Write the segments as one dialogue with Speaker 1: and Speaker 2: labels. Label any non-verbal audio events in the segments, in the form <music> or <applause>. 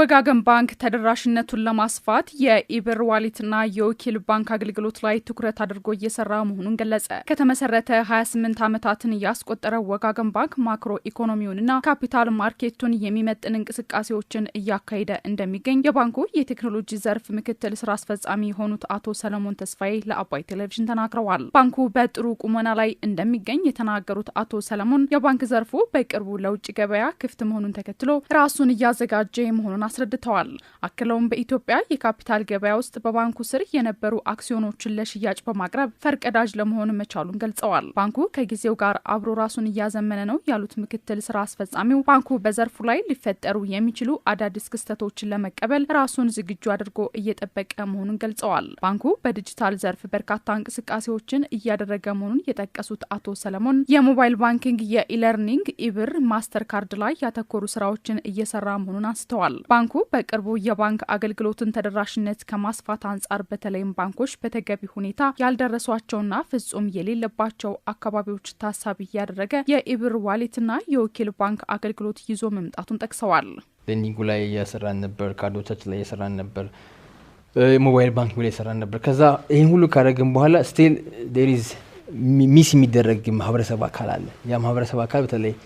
Speaker 1: ወጋገን ባንክ ተደራሽነቱን ለማስፋት የኢብር ዋሊትና የወኪል ባንክ አገልግሎት ላይ ትኩረት አድርጎ እየሰራ መሆኑን ገለጸ። ከተመሰረተ 28 ዓመታትን ያስቆጠረው ወጋገን ባንክ ማክሮ ኢኮኖሚውንና ካፒታል ማርኬቱን የሚመጥን እንቅስቃሴዎችን እያካሄደ እንደሚገኝ የባንኩ የቴክኖሎጂ ዘርፍ ምክትል ስራ አስፈጻሚ የሆኑት አቶ ሰለሞን ተስፋዬ ለአባይ ቴሌቪዥን ተናግረዋል። ባንኩ በጥሩ ቁመና ላይ እንደሚገኝ የተናገሩት አቶ ሰለሞን የባንክ ዘርፉ በቅርቡ ለውጭ ገበያ ክፍት መሆኑን ተከትሎ ራሱን እያዘጋጀ መሆኑን አስረድተዋል። አክለውም በኢትዮጵያ የካፒታል ገበያ ውስጥ በባንኩ ስር የነበሩ አክሲዮኖችን ለሽያጭ በማቅረብ ፈርቀዳጅ ለመሆን መቻሉን ገልጸዋል። ባንኩ ከጊዜው ጋር አብሮ ራሱን እያዘመነ ነው ያሉት ምክትል ስራ አስፈጻሚው ባንኩ በዘርፉ ላይ ሊፈጠሩ የሚችሉ አዳዲስ ክስተቶችን ለመቀበል ራሱን ዝግጁ አድርጎ እየጠበቀ መሆኑን ገልጸዋል። ባንኩ በዲጂታል ዘርፍ በርካታ እንቅስቃሴዎችን እያደረገ መሆኑን የጠቀሱት አቶ ሰለሞን የሞባይል ባንኪንግ፣ የኢለርኒንግ፣ ኢብር፣ ማስተር ካርድ ላይ ያተኮሩ ስራዎችን እየሰራ መሆኑን አንስተዋል። ባንኩ በቅርቡ የባንክ አገልግሎትን ተደራሽነት ከማስፋት አንጻር በተለይም ባንኮች በተገቢ ሁኔታ ያልደረሷቸውና ፍጹም የሌለባቸው አካባቢዎች ታሳቢ እያደረገ የኢብር ዋሌትና የወኪል ባንክ አገልግሎት ይዞ መምጣቱን ጠቅሰዋል።
Speaker 2: ሌንዲንጉ ላይ እየሰራን ነበር፣ ካርዶቻችን ላይ እየሰራን ነበር፣ ሞባይል ባንክ ላይ እየሰራን ነበር። ከዛ ይህን ሁሉ ካደረግን በኋላ ስቲል ዴሪዝ ሚስ የሚደረግ ማህበረሰብ አካል አለ። ያ ማህበረሰብ አካል በተለይ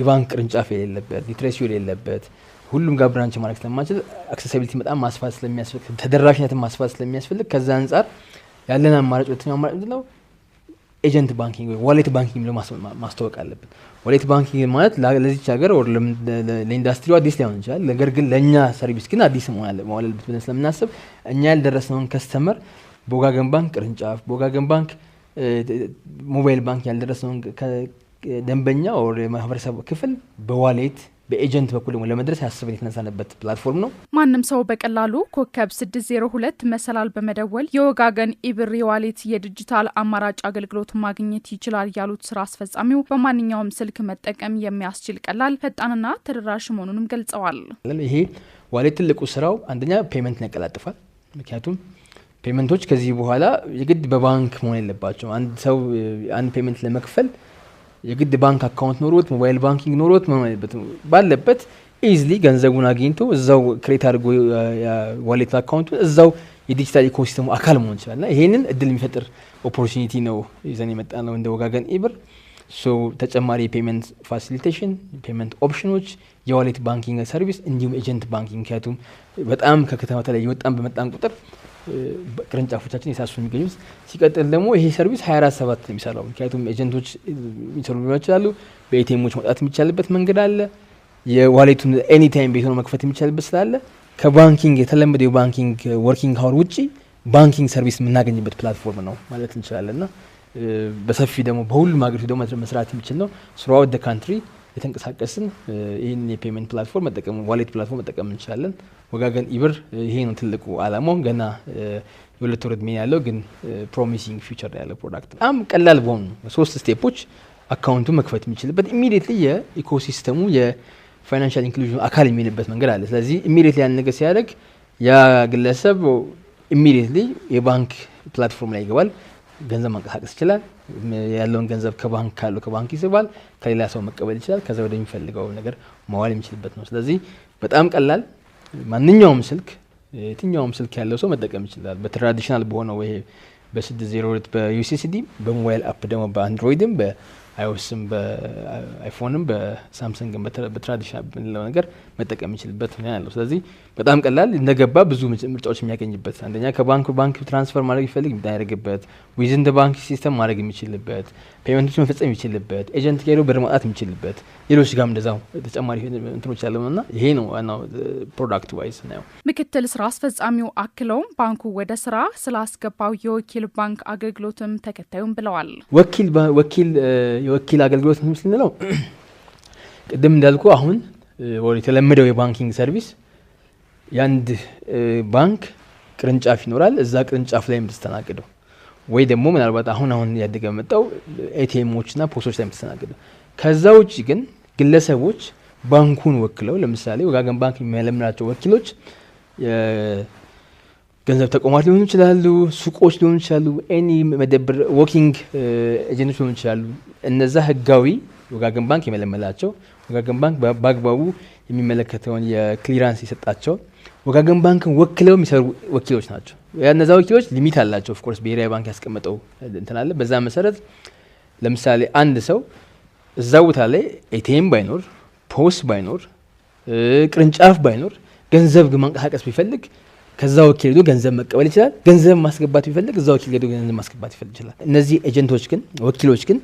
Speaker 2: የባንክ ቅርንጫፍ የሌለበት ሊትሬሲ የሌለበት ሁሉም ጋር ብራንች ማድረግ ስለማንችል አክሴሲቢሊቲ በጣም ማስፋት ስለሚያስፈልግ ተደራሽነትን ማስፋት ስለሚያስፈልግ ከዛ አንጻር ያለን አማራጭ ሁለተኛው አማራጭ ምንድነው? ኤጀንት ባንኪንግ ወይ ዋሌት ባንኪንግ ብሎ ማስታወቅ አለብን። ዋሌት ባንኪንግ ማለት ለዚች ሀገር ለኢንዱስትሪው አዲስ ሊሆን ይችላል፣ ነገር ግን ለእኛ ሰርቪስ ግን አዲስ መዋል ብለን ስለምናስብ እኛ ያልደረስነውን ከስተመር በወጋገን ባንክ ቅርንጫፍ፣ በወጋገን ባንክ ሞባይል ባንክ ያልደረስነውን ደንበኛ ማህበረሰብ ክፍል በዋሌት በኤጀንት በኩል ደግሞ ለመድረስ ያስበን የተነሳንበት ፕላትፎርም ነው።
Speaker 1: ማንም ሰው በቀላሉ ኮከብ 602 መሰላል በመደወል የወጋገን ኢብር የዋሌት የዲጂታል አማራጭ አገልግሎት ማግኘት ይችላል ያሉት ስራ አስፈጻሚው በማንኛውም ስልክ መጠቀም የሚያስችል ቀላል፣ ፈጣንና ተደራሽ መሆኑንም ገልጸዋል።
Speaker 2: ይሄ ዋሌት ትልቁ ስራው አንደኛ ፔመንትን ያቀላጥፋል። ምክንያቱም ፔመንቶች ከዚህ በኋላ የግድ በባንክ መሆን የለባቸው። አንድ ሰው አንድ ፔመንት ለመክፈል የግድ ባንክ አካውንት ኖሮት ሞባይል ባንኪንግ ኖሮት ባለበት ኢዝሊ ገንዘቡን አግኝቶ እዛው ክሬት አድርጎ ዋሌት አካውንቱ እዛው የዲጂታል ኢኮሲስተሙ አካል መሆን ይችላል ና ይሄንን እድል የሚፈጥር ኦፖርቹኒቲ ነው ይዘን የመጣ ነው እንደ ወጋገን ኢብር። ተጨማሪ የፔመንት ፋሲሊቴሽን፣ ፔመንት ኦፕሽኖች፣ የዋሌት ባንኪንግ ሰርቪስ እንዲሁም ኤጀንት ባንኪንግ ምክንያቱም በጣም ከከተማ ተለይ የወጣን በመጣን ቁጥር ቅርንጫፎቻችን የሳሱ የሚገኙት። ሲቀጥል ደግሞ ይሄ ሰርቪስ 24 ሰባት ነው የሚሰራው። ምክንያቱም ኤጀንቶች የሚሰሩ ሊሆ ይችላሉ። በኤቲኤሞች መውጣት የሚቻልበት መንገድ አለ። የዋሌቱን ኤኒታይም ቤት ሆኖ መክፈት የሚቻልበት ስላለ ከባንኪንግ የተለመደ የባንኪንግ ወርኪንግ ሀውር ውጭ ባንኪንግ ሰርቪስ የምናገኝበት ፕላትፎርም ነው ማለት እንችላለን ና በሰፊ ደግሞ በሁሉም ሀገሪቱ ደግሞ መስራት የሚችል ነው ስሯወት ደ ካንትሪ የተንቀሳቀስን ይህን የፔመንት ፕላትፎርም መጠቀም ዋሌት ፕላትፎርም መጠቀም እንችላለን። ወጋገን ኢብር ይሄ ነው ትልቁ አላማው። ገና የሁለት ወር ዕድሜ ያለው ግን ፕሮሚሲንግ ፊውቸር ያለው ፕሮዳክት በጣም ቀላል በሆኑ ሶስት ስቴፖች አካውንቱ መክፈት የሚችልበት ኢሚዲየትሊ የኢኮሲስተሙ የፋይናንሻል ኢንክሉዥን አካል የሚሆንበት መንገድ አለ። ስለዚህ ኢሚዲየትሊ ያን ነገር ሲያደርግ ያ ግለሰብ ኢሚዲየትሊ የባንክ ፕላትፎርም ላይ ይገባል፣ ገንዘብ ማንቀሳቀስ ይችላል። ያለውን ገንዘብ ከባንክ ካለው ከባንክ ይስባል፣ ከሌላ ሰው መቀበል ይችላል። ከዛ ወደሚፈልገው ነገር መዋል የሚችልበት ነው። ስለዚህ በጣም ቀላል ማንኛውም ስልክ የትኛውም ስልክ ያለው ሰው መጠቀም ይችላል። በትራዲሽናል በሆነው ይሄ በ602 በዩሲሲዲ በሞባይል አፕ ደግሞ በአንድሮይድም አይኦስም በአይፎንም በሳምሰንግ በትራዲሽናል ነገር መጠቀም የሚችልበት ሁኔ ያለው። ስለዚህ በጣም ቀላል እንደገባ ብዙ ምርጫዎች የሚያገኝበት አንደኛ ከባንክ ባንክ ትራንስፈር ማድረግ ይፈልግ የሚያደርግበት ዊዝን ባንክ ሲስተም ማድረግ የሚችልበት ፔመንቶች መፈጸም የሚችልበት ኤጀንት ጋሄዶ ብር ማውጣት የሚችልበት ሌሎች ጋም እንደዛው ተጨማሪ እንትኖች ያለ ና ይሄ ነው ዋናው ፕሮዳክት ዋይስ ነው።
Speaker 1: ምክትል ስራ አስፈጻሚው አክለውም ባንኩ ወደ ስራ ስላስገባው የወኪል ባንክ አገልግሎትም ተከታዩም ብለዋል።
Speaker 2: ወኪል ወኪል የወኪል አገልግሎት ስንለው ቅድም እንዳልኩ አሁን የተለመደው የባንኪንግ ሰርቪስ የአንድ ባንክ ቅርንጫፍ ይኖራል። እዛ ቅርንጫፍ ላይ የምትስተናግደው ወይ ደግሞ ምናልባት አሁን አሁን እያደገ መጣው ና ፖስቶች ላይ የምትስተናግደው። ከዛ ውጭ ግን ግለሰቦች ባንኩን ወክለው ለምሳሌ ወጋገን ባንክ የሚያለምናቸው ወኪሎች ገንዘብ ተቋማት ሊሆኑ ይችላሉ፣ ሱቆች ሊሆኑ ይችላሉ፣ ኤኒ መደብር ዎኪንግ ኤጀንቶች uh, ሊሆኑ ይችላሉ። እነዛ ህጋዊ ወጋገን ባንክ የመለመላቸው ወጋገን ባንክ በአግባቡ የሚመለከተውን የክሊራንስ የሰጣቸው ወጋገን ባንክን ወክለው የሚሰሩ ወኪሎች ናቸው። እነዛ ወኪሎች ሊሚት አላቸው። ኦፍኮርስ ብሔራዊ ባንክ ያስቀመጠው እንትን አለ። በዛ መሰረት ለምሳሌ አንድ ሰው እዛ ቦታ ላይ ኤቲኤም ባይኖር፣ ፖስ ባይኖር፣ uh, ቅርንጫፍ ባይኖር ገንዘብ ማንቀሳቀስ ቢፈልግ ከዛ ወኪል ሄዶ ገንዘብ መቀበል ይችላል። ገንዘብ ማስገባት ቢፈልግ እዛ ወኪል ሄዶ ገንዘብ ማስገባት ይፈልግ ይችላል። እነዚህ ኤጀንቶች ግን ወኪሎች ግን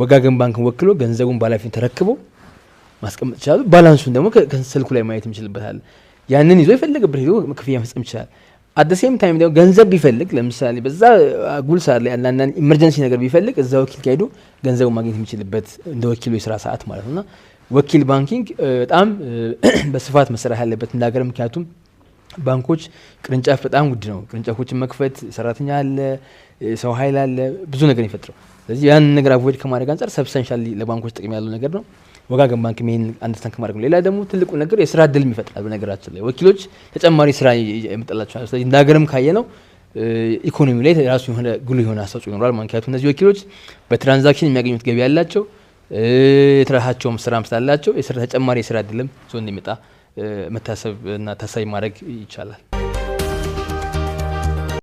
Speaker 2: ወጋገን ባንክን ወክሎ ገንዘቡን ባላፊን ተረክቦ ማስቀመጥ ይችላሉ። ባላንሱን ደግሞ ስልኩ ላይ ማየት እንችልበታል። ያንን ይዞ የፈለገበት ሄዶ ክፍያ መፈጸም ይችላል። አደሴም ታይም ደግሞ ገንዘብ ቢፈልግ ለምሳሌ በዛ አጉል ሰዓት ላይ አንዳንድ ኢመርጀንሲ ነገር ቢፈልግ እዛ ወኪል ካሄዱ ገንዘቡ ማግኘት የሚችልበት እንደ ወኪሉ የስራ ሰዓት ማለት ነውና ወኪል ባንኪንግ በጣም <clears throat> በስፋት መሰራት ያለበት እንደ ሀገር ምክንያቱም ባንኮች ቅርንጫፍ በጣም ውድ ነው። ቅርንጫፎችን መክፈት ሰራተኛ አለ፣ ሰው ኃይል አለ፣ ብዙ ነገር ይፈጥረው። ስለዚህ ያን ነገር አቮይድ ከማድረግ አንጻር ሰብስተንሻል ለባንኮች ጥቅም ያለው ነገር ነው። ወጋገን ባንክ ይሄን አንደርስታንድ ከማድረግ ነው። ሌላ ደግሞ ትልቁ ነገር የስራ እድልም ይፈጥራል። በነገራችን ላይ ወኪሎች ተጨማሪ ስራ ይመጣላቸዋል። ስለዚህ እንደ ሀገርም ካየ ነው ኢኮኖሚ ላይ ራሱ የሆነ ጉሉ የሆነ አስተዋጽኦ ይኖራል። ምክንያቱም እነዚህ ወኪሎች በትራንዛክሽን የሚያገኙት ገቢ ያላቸው የራሳቸውም ስራም ስላላቸው ተጨማሪ የስራ እድልም ዞ እንዲመጣ መታሰብ እና ተሳይ ማድረግ ይቻላል።